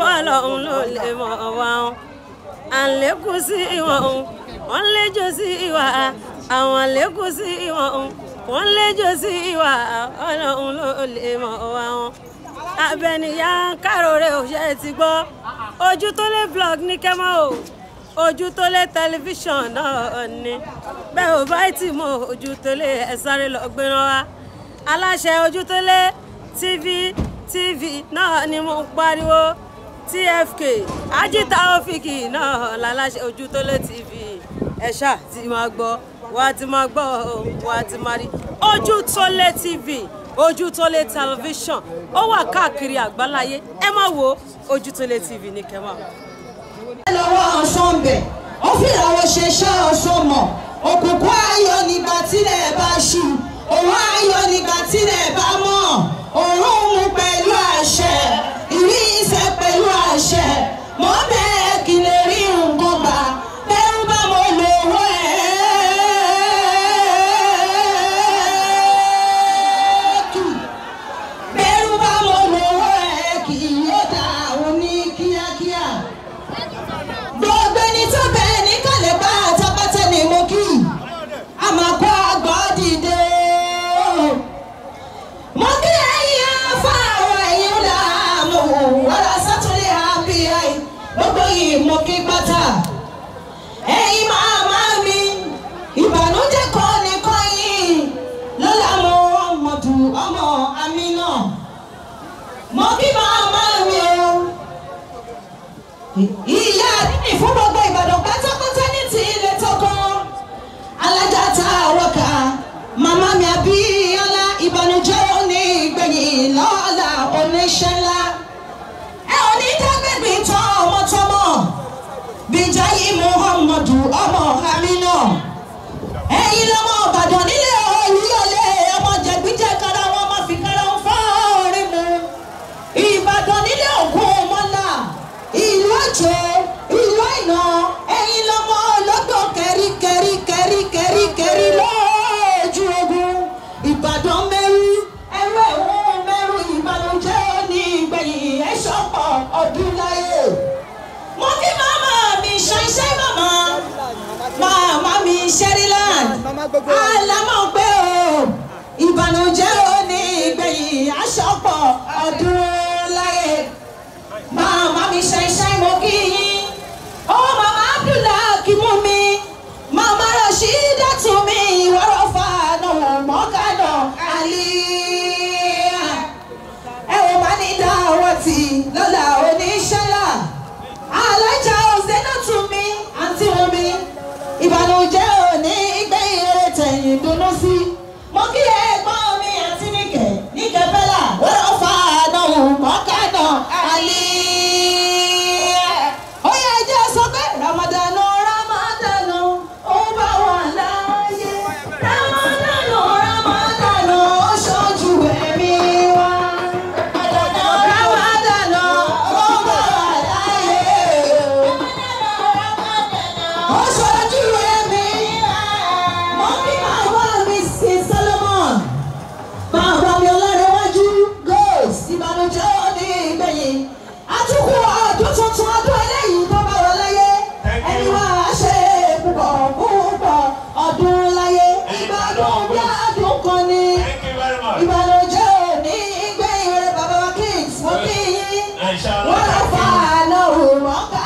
bọ́ọ̀lù òun ló lè mọ̀ wá o à ń lékún sí ìwọ̀n òun wọ́n léjò sí ìwà àwọn lékún sí ìwọ̀n òun wọ́n léjò sí ìwà ọlọ́run ló lè mọ̀ wá o abẹnìyà káròrè òṣèré ti gbọ́ ojú tó lé blog ní kẹ́mọ́ o ojú tó lé tẹlifíṣàn náà ni bẹ́ẹ̀ ò bá tì mọ́ ojú tó lé ẹ sáré lọ gbéra wa aláṣẹ ojú tó lé tv tv náà ni mo ń pariwo tfk ajita ofiki náà lálàṣẹ Ojútólé TV ẹ ṣáà ti máa gbọ́ wà á ti máa gbọ́ wà á ti máa rí Ojútólé TV Ojútólé television ó wà káàkiri àgbáláyé ẹ má wo Ojútólé TV ní kẹmà. ẹ lọ́wọ́ ọ̀sán bẹ̀ ó fi ìràwọ̀ ṣe iṣẹ́ ọ̀sán mọ̀ òkùnkùn ayọ̀ nígbà tílẹ̀ bá ṣú òun ayọ̀ nígbà tílẹ̀ bá mọ́ òun mú pẹ̀lú àṣà. ìyá nínú fún gbogbo Ìbàdàn pátápátá ní ti ilẹ̀ tọkọ alájà ta àwọkà màmá mi Abíọ́lá ìbànújẹ́ òní ìgbẹ̀yìn lọ́la oníṣẹ́ ńlá ẹ ò ní dágbègbè tán ọmọ tán. gbogbo. àlámọ̀ pé o ìbànújẹ́ o ní ìgbẹ̀yìn aṣọ́pọ̀ ọdún láyé màmá mi ṣe iṣẹ́ mo kí yín ó màmá Abdullah kí mú mi màmá Rashida tún mi ìwọ́rọ̀ fàánù mọ́kànà àlè ẹ ò bá ní dá ọwọ́ tì lọ́la oníṣẹ́lá alájà ọ̀sẹ̀ náà tún mi àǹtí omi ìbànújẹ́ follow.